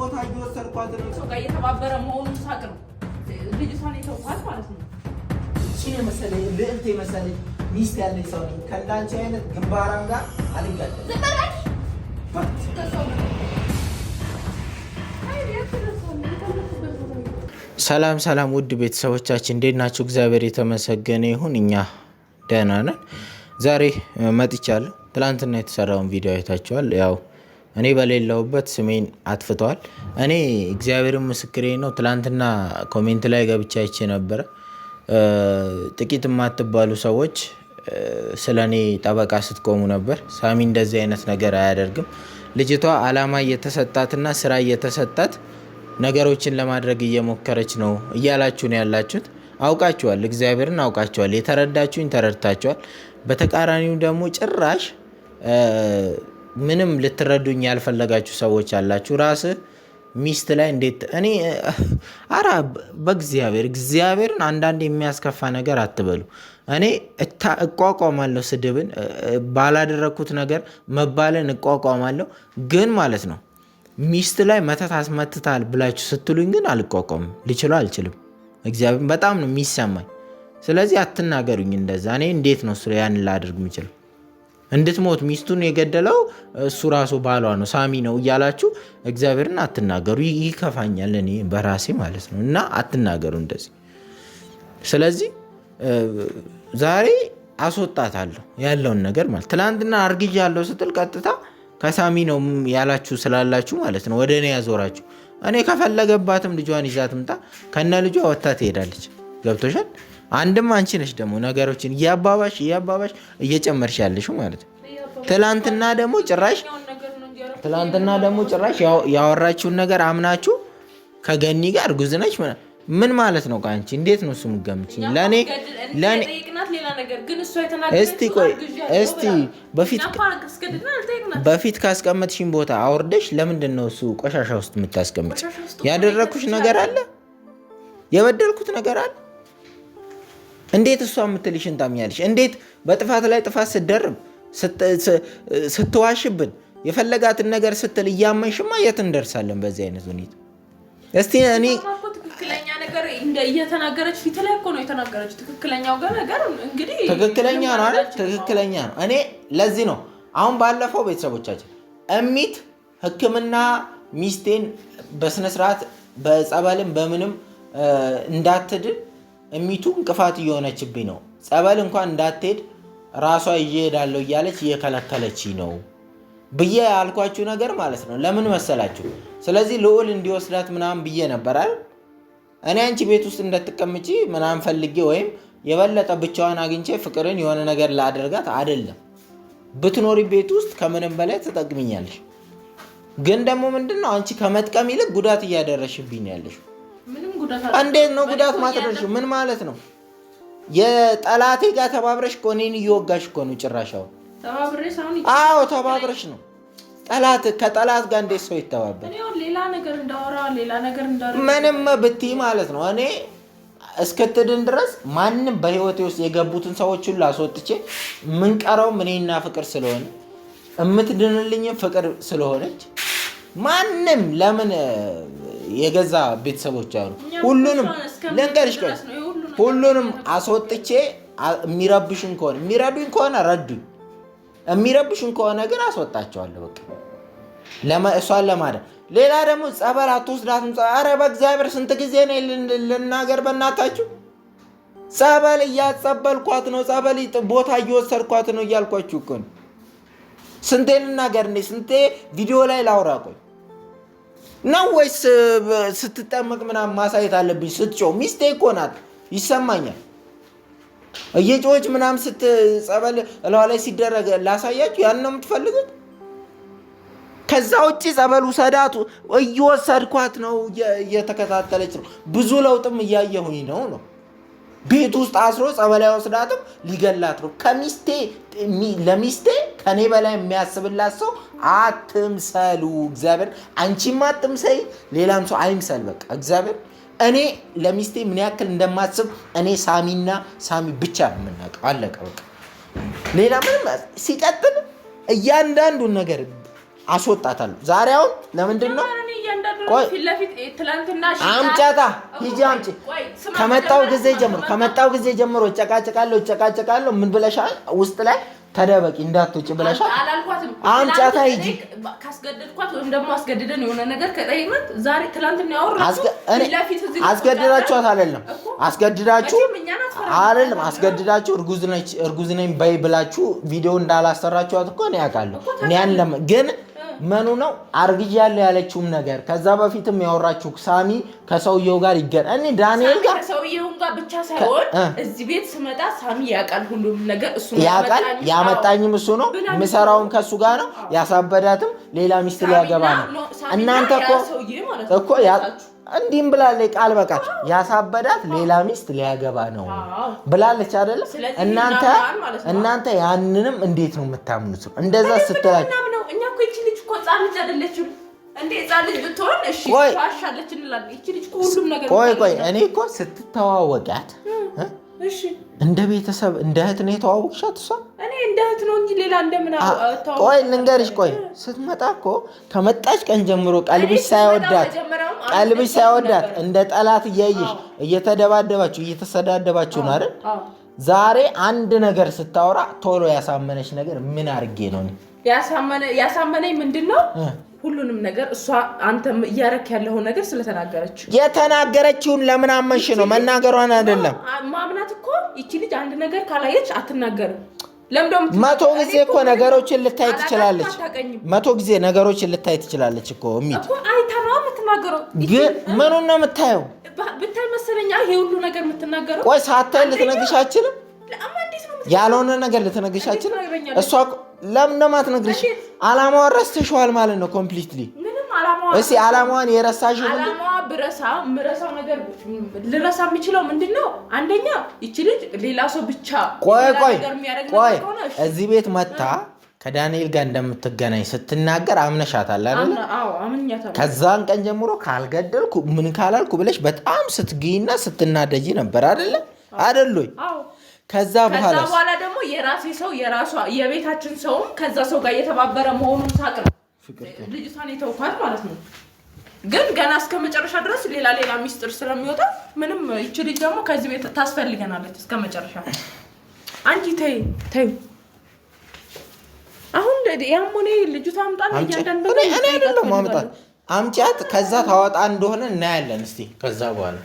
ቦታ እየወሰድኳት ነው። ሰው ጋር እየተባበረ መሆኑን ሳቅ ነው። ልጅቷን የተውኳት ማለት ነው። እቺን የመሰለ ልዕልት የመሰለ ሚስት ያለኝ ሰው ነኝ። ከእንዳንቺ አይነት ግንባራም ጋር አልጋለም። ሰላም ሰላም፣ ውድ ቤተሰቦቻችን እንዴት ናችሁ? እግዚአብሔር የተመሰገነ ይሁን፣ እኛ ደህና ነን። ዛሬ መጥቻለሁ። ትላንትና የተሰራውን ቪዲዮ አይታችኋል። ያው እኔ በሌለሁበት ስሜን አጥፍተዋል። እኔ እግዚአብሔርን ምስክሬ ነው። ትላንትና ኮሜንት ላይ ገብቼ አይቼ ነበረ። ጥቂት የማትባሉ ሰዎች ስለ እኔ ጠበቃ ስትቆሙ ነበር። ሳሚ እንደዚህ አይነት ነገር አያደርግም። ልጅቷ አላማ እየተሰጣትና ስራ እየተሰጣት ነገሮችን ለማድረግ እየሞከረች ነው እያላችሁ ነው ያላችሁት። አውቃችኋል፣ እግዚአብሔርን አውቃችኋል። የተረዳችሁኝ ተረድታችኋል። በተቃራኒው ደግሞ ጭራሽ ምንም ልትረዱኝ ያልፈለጋችሁ ሰዎች አላችሁ። ራስህ ሚስት ላይ እንዴት እኔ አራ በእግዚአብሔር እግዚአብሔርን አንዳንድ የሚያስከፋ ነገር አትበሉ። እኔ እቋቋማለሁ፣ ስድብን ባላደረግኩት ነገር መባለን እቋቋማለሁ። ግን ማለት ነው ሚስት ላይ መተት አስመትታል ብላችሁ ስትሉኝ ግን አልቋቋምም፣ ልችለው አልችልም። እግዚአብሔር በጣም ነው የሚሰማኝ። ስለዚህ አትናገሩኝ እንደዛ። እኔ እንዴት ነው ያን ላደርግ የምችለው? እንድትሞት ሚስቱን የገደለው እሱ ራሱ ባሏ ነው፣ ሳሚ ነው እያላችሁ እግዚአብሔርን አትናገሩ። ይከፋኛል እኔ በራሴ ማለት ነው። እና አትናገሩ እንደዚህ። ስለዚህ ዛሬ አስወጣታለሁ ያለውን ነገር ማለት አርግዥ አርግዣለሁ ስትል ቀጥታ ከሳሚ ነው ያላችሁ ስላላችሁ ማለት ነው ወደ እኔ ያዞራችሁ። እኔ ከፈለገባትም ልጇን ይዛ ትምጣ፣ ከነ ልጇ ወታ ትሄዳለች። ገብቶሻል? አንድም አንቺ ነሽ ደግሞ ነገሮችን እያባባሽ እያባባሽ እየጨመርሽ ያለሽው ማለት ነው። ትላንትና ደግሞ ጭራሽ ትላንትና ደግሞ ጭራሽ ያወራችውን ነገር አምናችሁ ከገኒ ጋር እርጉዝ ነች ምን ማለት ነው? ከአንቺ እንዴት ነው እሱ የምትገምቺኝ? ለእኔ እስቲ ቆይ እስቲ በፊት በፊት ካስቀመጥሽኝ ቦታ አውርደሽ ለምንድን ነው እሱ ቆሻሻ ውስጥ የምታስቀምጥ? ያደረግኩሽ ነገር አለ? የበደልኩት ነገር አለ? እንዴት እሷ የምትልሽን ታምኛለሽ? እንዴት በጥፋት ላይ ጥፋት ስትደርብ ስትዋሽብን የፈለጋትን ነገር ስትል እያመንሽማ የት እንደርሳለን? በዚህ አይነት ሁኔታ እስቲ እኔ ትክክለኛ ነገር እየተናገረች ፊት ላይ እኮ ነው የተናገረች። ትክክለኛው ነገር እንግዲህ ትክክለኛ ነው አይደል? ትክክለኛ ነው። እኔ ለዚህ ነው አሁን ባለፈው ቤተሰቦቻችን እሚት ሕክምና ሚስቴን በስነስርዓት በጸበልም በምንም እንዳትድን እሚቱ እንቅፋት እየሆነችብኝ ነው። ጸበል እንኳን እንዳትሄድ ራሷ እየሄዳለሁ እያለች እየከለከለች ነው ብዬ ያልኳችሁ ነገር ማለት ነው። ለምን መሰላችሁ? ስለዚህ ልዑል እንዲወስዳት ምናምን ብዬ ነበራል። እኔ አንቺ ቤት ውስጥ እንደትቀምጪ ምናምን ፈልጌ ወይም የበለጠ ብቻዋን አግኝቼ ፍቅርን የሆነ ነገር ላደርጋት አይደለም። ብትኖሪ ቤት ውስጥ ከምንም በላይ ትጠቅሚኛለሽ። ግን ደግሞ ምንድነው አንቺ ከመጥቀም ይልቅ ጉዳት እያደረሽብኝ ያለሽ እንዴት ነው ጉዳት ማትደርሺው? ምን ማለት ነው? የጠላቴ ጋር ተባብረሽ እኮ እኔን እየወጋሽ እኮ ነው ጭራሽ። አዎ ተባብረሽ ነው ጠላት ከጠላት ጋር እንዴት ሰው ይተባበር? ምንም ብትይ ማለት ነው እኔ እስክትድን ድረስ ማንም በህይወቴ ውስጥ የገቡትን ሰዎች ሁሉ አስወጥቼ የምንቀረው እኔና ፍቅር ስለሆነ የምትድንልኝም ፍቅር ስለሆነች ማንም ለምን የገዛ ቤተሰቦች አሉ። ሁሉንም ልንገርሽ፣ ቆይ ሁሉንም አስወጥቼ የሚረብሽን ከሆነ የሚረዱኝ ከሆነ ረዱኝ፣ የሚረብሽን ከሆነ ግን አስወጣቸዋለሁ። በቃ እሷን ለማዳን ሌላ ደግሞ ጸበል አትወስዳትም። ኧረ በእግዚአብሔር ስንት ጊዜ ነው ልናገር? በእናታችሁ ጸበል እያጸበልኳት ነው፣ ጸበል ቦታ እየወሰድኳት ነው እያልኳችሁ እኮ ነው። ስንቴ ልናገር? ስንቴ ቪዲዮ ላይ ላውራ? ቆይ ነው ወይስ ስትጠመቅ ምናምን ማሳየት አለብኝ? ስትጮህ ሚስቴ እኮ ናት፣ ይሰማኛል። እየጮች ምናምን ስትጸበል እለዋ ላይ ሲደረግ ላሳያችሁ፣ ያን ነው የምትፈልጉት? ከዛ ውጭ ጸበሉ ሰዳቱ እየወሰድኳት ነው፣ እየተከታተለች ነው፣ ብዙ ለውጥም እያየሁኝ ነው ነው ቤት ውስጥ አስሮ ጸበል ወስዳትም ሊገላት ነው። ከሚስቴ ለሚስቴ ከኔ በላይ የሚያስብላት ሰው አትምሰሉ። እግዚአብሔር አንቺም አትምሰይ፣ ሌላም ሰው አይምሰል። በቃ እግዚአብሔር እኔ ለሚስቴ ምን ያክል እንደማስብ እኔ ሳሚና ሳሚ ብቻ የምናውቀው አለቀ። በቃ ሌላ ምንም ሲቀጥል እያንዳንዱን ነገር አስወጣታለሁ። ዛሬ አሁን ለምንድን ነው አምጫታ ሂጂ አምጪ። ከመጣው ጊዜ ጀምሮ ከመጣው ጊዜ ጀምሮ እጨቃጨቃለሁ እጨቃጨቃለሁ። ምን ብለሻል? ውስጥ ላይ ተደበቂ እንዳትውጭ ብለሻል። አምጫታ ሂጂ። ካስገደድኳት ወይም ደግሞ አስገድደን የሆነ ነገር ከጠይቅነት ዛሬ ትላንትና አስገድዳችኋት አይደለም አስገድዳችሁ አይደለም አስገድዳችሁ እርጉዝ ነኝ በይ ብላችሁ ቪዲዮ እንዳላሰራችኋት እኮ እኔ አውቃለሁ። እኔ ያለም ግን መኑ ነው አርግዣለሁ ያለችውም ነገር ከዛ በፊትም ያወራችሁ ሳሚ ከሰውየው ጋር ይገ እኔ ዳንኤል ጋር ከሰውየው ጋር ብቻ ሳይሆን እዚህ ቤት ስመጣ ሳሚ ያውቃል፣ ሁሉም ነገር እሱ ያውቃል። ያመጣኝም እሱ ነው፣ ምሰራውን ከእሱ ጋር ነው። ያሳበዳትም ሌላ ሚስት ሊያገባ ነው። እናንተ እኮ እኮ እንዲህም ብላለች፣ ቃል በቃል ያሳበዳት ሌላ ሚስት ሊያገባ ነው ብላለች አይደለም? እናንተ እናንተ ያንንም እንዴት ነው የምታምኑት? እንደዛ ስትላቸው ህፃን ልጅ አይደለችም እንዴ? ህፃን ልጅ ብትሆን እሺ እንላለን። ይቺ ልጅ ሁሉም ነገር ቆይ ቆይ፣ እኔ እኮ ስትተዋወቂያት እንደ ቤተሰብ እንደ እህት ነው የተዋወቅሻት? እሷ እኔ እንደ እህት ነው እንጂ ሌላ እንደምን ቆይ ልንገርሽ፣ ቆይ ስትመጣ እኮ ከመጣች ቀን ጀምሮ ቀልብሽ ሳይወዳት ቀልብሽ ሳይወዳት እንደ ጠላት እያየሽ እየተደባደባችሁ እየተሰዳደባችሁ ነው አይደል? ዛሬ አንድ ነገር ስታወራ ቶሎ ያሳመነች ነገር ምን አድርጌ ነው ያሳመነኝ ምንድን ነው? ሁሉንም ነገር እሷ አንተ እያረክ ያለው ነገር ስለተናገረች የተናገረችውን ለምን አመንሽ ነው መናገሯን አይደለም ማምናት እኮ ይቺ ልጅ አንድ ነገር ካላየች አትናገርም። መቶ ጊዜ እኮ ነገሮችን ልታይ ትችላለች። መቶ ጊዜ ነገሮችን ልታይ ትችላለች እኮ እሚት አይታ ነው የምትናገረው። ግን ምኑን ነው የምታየው? ብታይ መሰለኛ ይሄ ሁሉ ነገር የምትናገረው። ቆይ ሳታይ ልትነግርሽ አችልም ያልሆነ ነገር ልትነግርሻችን እሷ ለምን አትነግርሽ? አላማዋን ረስተሽዋል ማለት ነው ኮምፕሊትሊ። እስኪ አላማዋን የረሳሽው አላማዋ ብረሳ ምረሳው ነገር ልረሳ የምችለው ምንድን ነው? አንደኛ ይቺ ልጅ ሌላ ሰው ብቻ ቆይ ቆይ ቆይ እዚህ ቤት መታ ከዳንኤል ጋር እንደምትገናኝ ስትናገር አምነሻታል አይደል? አዎ ከዛን ቀን ጀምሮ ካልገደልኩ ምን ካላልኩ ብለሽ በጣም ስትግይና ስትናደጂ ነበር አይደለ? አይደል? ከዛ በኋላ በኋላ ደግሞ የራሴ ሰው የራሷ የቤታችን ሰውም ከዛ ሰው ጋር እየተባበረ መሆኑን ሳቅ ነው ልጅቷን የተውኳት ማለት ነው። ግን ገና እስከ መጨረሻ ድረስ ሌላ ሌላ ሚስጥር ስለሚወጣ ምንም ይቺ ልጅ ደግሞ ከዚህ ቤት ታስፈልገናለች እስከ መጨረሻ። አንቺ ተይ ተይ፣ አሁን ያም ሆነ ልጅቷ አምጣን እያንዳንዱ እኔ አይደለም ማምጣት አምጪያት፣ ከዛ ታወጣ እንደሆነ እናያለን። እስቲ ከዛ በኋላ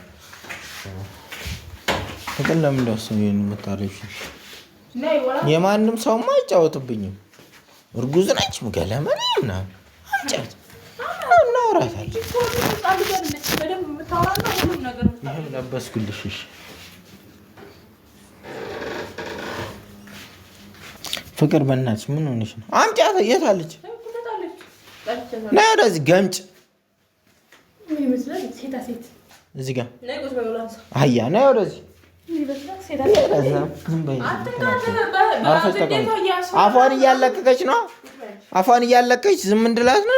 ግን ለምን ደስ የምታለሽ? የማንም ሰው አይጫወትብኝም። እርጉዝ ነች ገለመ ና አንጫት እናውራታለን። ይህም ለበስኩልሽ። ፍቅር በናች ምን ሆነች ነው? አምጫት። የት አለች? ና ወደዚህ ገምጭ። እዚህ ጋ አያ ና ወደዚህ አፏን እያለቀቀች ነው። አፏን እያለቀች ዝም እንድላት ነው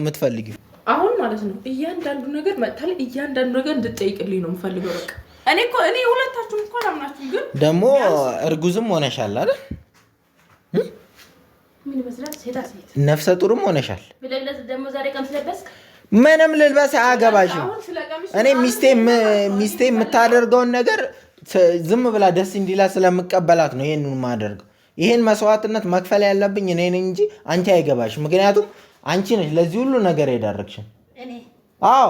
የምትፈልጊው? አሁን ማለት ነው እያንዳንዱ ነገር መታል እያንዳንዱ ነገር እንድጠይቅልኝ ነው የምፈልገው። በቃ እኔ እኮ እኔ ሁለታችሁም እኮ አላምናችሁም፣ ግን ደግሞ እርጉዝም ሆነሻል አይደል? ነፍሰ ጡርም ሆነሻል። ምንም ልልበስ አያገባሽም። እኔ ሚስቴ የምታደርገውን ነገር ዝም ብላ ደስ እንዲላ ስለምቀበላት ነው ይህን ማደርገው። ይህን መስዋዕትነት መክፈል ያለብኝ እኔ እንጂ አንቺ አይገባሽ። ምክንያቱም አንቺ ነሽ ለዚህ ሁሉ ነገር የዳረግሽን። አዎ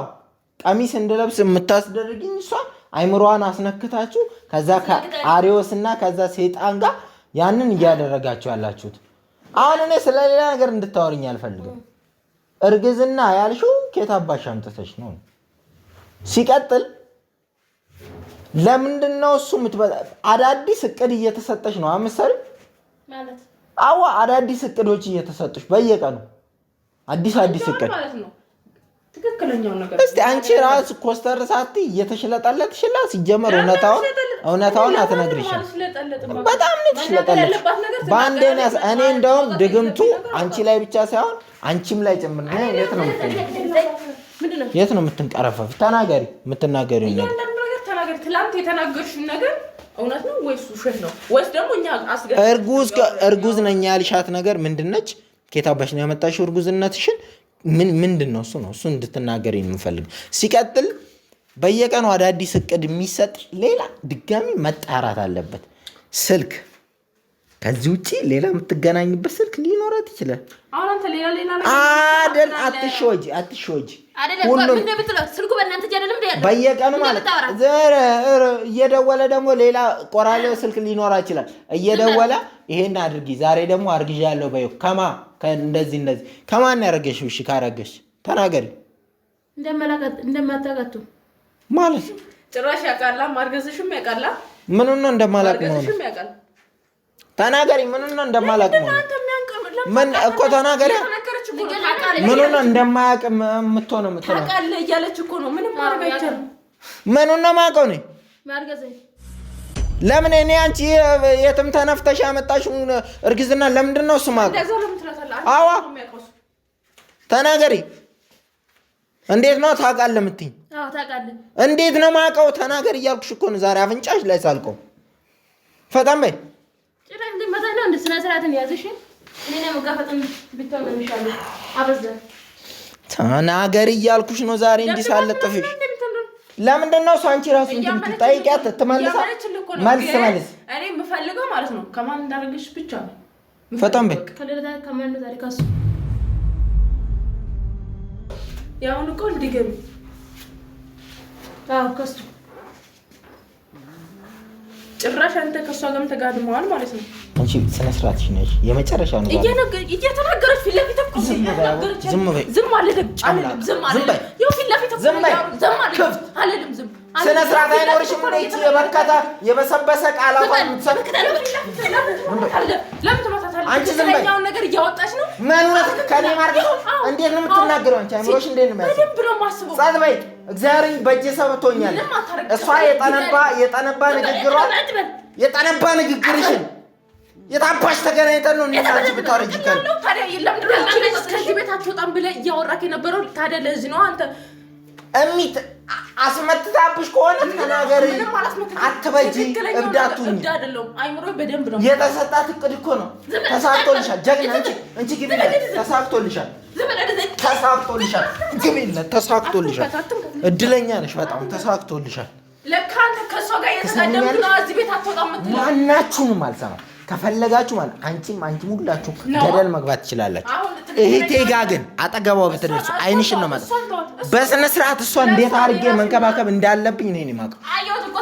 ቀሚስ እንድለብስ የምታስደርግኝ እሷ አይምሯን አስነክታችሁ ከዛ ከአሪዎስ እና ከዛ ሴጣን ጋር ያንን እያደረጋችሁ ያላችሁት። አሁን እኔ ስለሌላ ነገር እንድታወርኝ አልፈልግም። እርግዝና ያልሽው ኬታባሽ አምጥተሽ ነው። ሲቀጥል ለምንድን ነው እሱ አዳዲስ እቅድ እየተሰጠች ነው አምሰል አዎ አዳዲስ እቅዶች እየተሰጡች በየቀኑ አዲስ አዲስ እቅድ እስቲ አንቺ ራስ ኮስተር ሳቲ እየተሽለጠለት ሽላ ሲጀመር እውነታውን እውነታውን አትነግርሽም። በጣም ነው የተሽለጠለች በአንድ እኔ እንደውም ድግምቱ አንቺ ላይ ብቻ ሳይሆን አንቺም ላይ ጭምር ነው። የት ነው የምትንቀረፈፍ? ተናገሪ የምትናገሪው ነገር ትላንት የተናገርሽው ነገር እውነት ነው ወይስ ውሸት ነው? ወይስ ደግሞ እኛ እርጉዝ ነኝ ያልሻት ነገር ምንድነች? ኬታባሽ ነው ያመጣሽው እርጉዝነትሽን ምን ምንድን ነው እሱ ነው እሱ እንድትናገር የምፈልግ። ሲቀጥል በየቀኑ አዳዲስ እቅድ የሚሰጥ ሌላ ድጋሚ መጣራት አለበት ስልክ ከዚህ ውጪ ሌላ የምትገናኝበት ስልክ ሊኖራት ይችላል። አሁን አንተ ሌላ ሌላ አይደል? አትሾጂ አትሾጂ። ስልኩ በእናንተ እጅ አይደለም በየቀኑ ማለት እየደወለ ደግሞ ሌላ ቆራሌው ስልክ ሊኖራ ይችላል። እየደወለ ይሄን አድርጊ፣ ዛሬ ደግሞ አርግዣለሁ በይው ከማ እንደዚህ እንደዚህ ከማን ያደረገሽ? እሺ ካረገሽ ተናገሪ። እንደማታውቃቱ ማለት ጭራሽ ያውቃላ፣ ማርገዝሽም ያውቃላ፣ ምን ነው እንደማላውቅ ነው ተናገሪ። ምን ነው እንደማላውቅ ምን እኮ ተናገሪ። ምን ነው እንደማያውቅ የምትሆነው የምትሆነው ምኑን ነው ነው ምንም ምን የማውቀው እኔ ለምን እኔ አንቺ የትም ተነፍተሽ ያመጣሽው እርግዝና ለምንድን ነው እሱማ? አዋ ተናገሪ። እንዴት ነው ታውቃለህ የምትይኝ? እንዴት ነው ማውቀው? ተናገሪ እያልኩሽ እኮ ነው ዛሬ አፍንጫሽ ላይ ሳልቀው። ፈጣን በይ። ልትመጣ ነው። እንደ ስነ ስርዓትን ያዝሽ። እኔ ነው መጋፈጥም ብትሆን ነው የሚሻለው። አበዛ ተናገር እያልኩሽ ነው ዛሬ እንዲሳለጥፍሽ ለምንድን ነው ሳንቺ ራሱ እንትን ጠይቂያት ትመልሳ መልስ መልስ። እኔ የምፈልገው ማለት ነው ከማን እንዳደረግሽ ብቻ ነው። ፈጠን በይ። ያሁን እኮ ልድገሚ። አዎ ከሱ ጭራሽ አንተ ከእሷ ጋርም ተጋድመዋል ማለት ነው። አንቺ ስነ ስርዓትሽ ነሽ። የመጨረሻው ነገር እየተናገረች ፊት ለፊት እኮ ዝም በይ። ዝም አልልም፣ ዝም አልልም። ስነ ስርዓት አይኖርሽም። የበሰበሰ አንቺ ዝም በይ። ነገር እያወጣች ነው። እንዴት ነው የምትናገረው? አንቺ አይምሮሽ እንዴት ነው የሚያስበው? ጸጥ በይ። እግዚአብሔርን በእጄ እሷ የጠነባ ንግግሯ የጠነባ ንግግርሽን የታባሽ ተገናኝተን ነው እንዴት ብታረጂ ከዚህ ቤት አትወጣም ብለህ እያወራክ የነበረው ታዲያ ለዚህ ነው። አንተ እሚት አስመትታብሽ ከሆነ ተናገሪ፣ አትበጂ። እብዳቱ የተሰጣት። እቅድ እኮ ነው፣ ተሳክቶልሻል። ጀግና ግቢ፣ ተሳክቶልሻል፣ ተሳክቶልሻል፣ ተሳክቶልሻል። እድለኛ ነሽ በጣም ተሳክቶልሻል። ለካ አንተ ከእሷ ጋር ነው። እዚህ ቤት አትወጣም። ማናችሁንም አልሰማም ከፈለጋችሁ ማለት አንቺም አንቺም ሁላችሁ ገደል መግባት ትችላላችሁ። እህቴ ጋ ግን አጠገባው ብትደርሱ አይንሽን ነው ማለት በስነ ስርዓት እሷ እንዴት አድርጌ መንከባከብ እንዳለብኝ ነው የማውቀው። አየሁት እኮ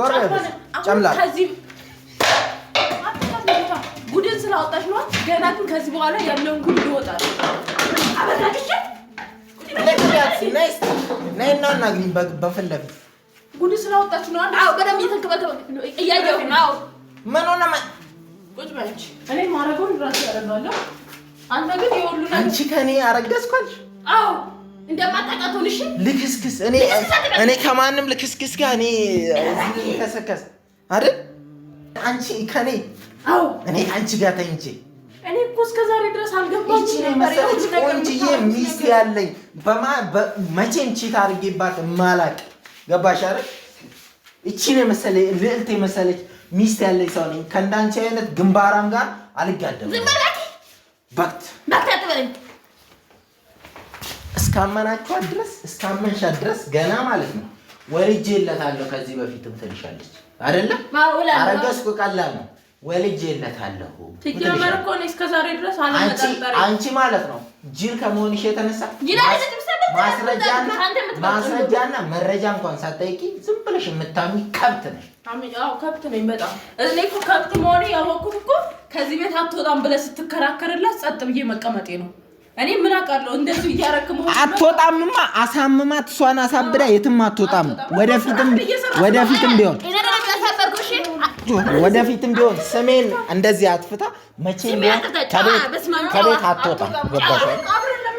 እኮ ዞር ስላወጣሽ ነው። ገና ግን ከዚህ በኋላ ያለውን ጉድ ይወጣል። አበላሽ ነይና እናግሪኝ በፊት ለፊት ጉድ ስላወጣች ነው። አዎ በደንብ እየተንከባከበ እያየሁ ነው። ምን ሆነ? ቁጭ በይ አንቺ። እኔ ማረገውን ራሴ ያደርጋለሁ። አንተ ግን የሁሉ አንቺ ከእኔ አረገዝኳልሽ? አዎ እንደማታውቃተውን። እሺ ልክስክስ። እኔ እኔ ከማንም ልክስክስ ጋር እኔ ተሰከስ አይደል? አንቺ ከኔ አዎ እኔ አንቺ ጋር ተኝቼ እኔ እኮ እስከ ዛሬ ድረስ አልገባችም። ቆንጅዬ ሚስት ያለኝ መቼም ቺት አድርጌባት ማላቅ ገባሽ አይደል? እቺን የመሰለ ልዕልት የመሰለች ሚስት ያለኝ ሰው ነኝ። ከእንዳንቺ አይነት ግንባራም ጋር በቅት እስካመናችኋት ድረስ እስካመንሻት ድረስ ገና ማለት ነው ወርጄ እለታለሁ። ከዚህ በፊትም ትልሻለች አይደለም? አረገዝኩ ቀላል ነው ወልጄነት አለሁ። ሲጀመር እኮ እኔ እስከ ዛሬ ድረስ አንቺ ማለት ነው ጅል ከመሆንሽ የተነሳ ማስረጃና መረጃ እንኳን ሳጠይቂ ዝም ብለሽ የምታሚ ከብት ነሽ። ከብት ነኝ በጣም እኔ እኮ ከብት መሆኔ ያወቅሁት እኮ ከዚህ ቤት አትወጣም ብለህ ስትከራከርላት ጸጥ ብዬ መቀመጤ ነው። እኔ ምን አውቃለሁ? እንደዚህ እያረክሙ አትወጣምማ። አሳምማት፣ እሷን አሳብዳ የትም አትወጣም። ወደፊትም ወደፊትም ቢሆን ወደፊትም ቢሆን ስሜን እንደዚህ አትፍታ፣ መቼም ቢሆን ከቤት አትወጣም። ገባሽ?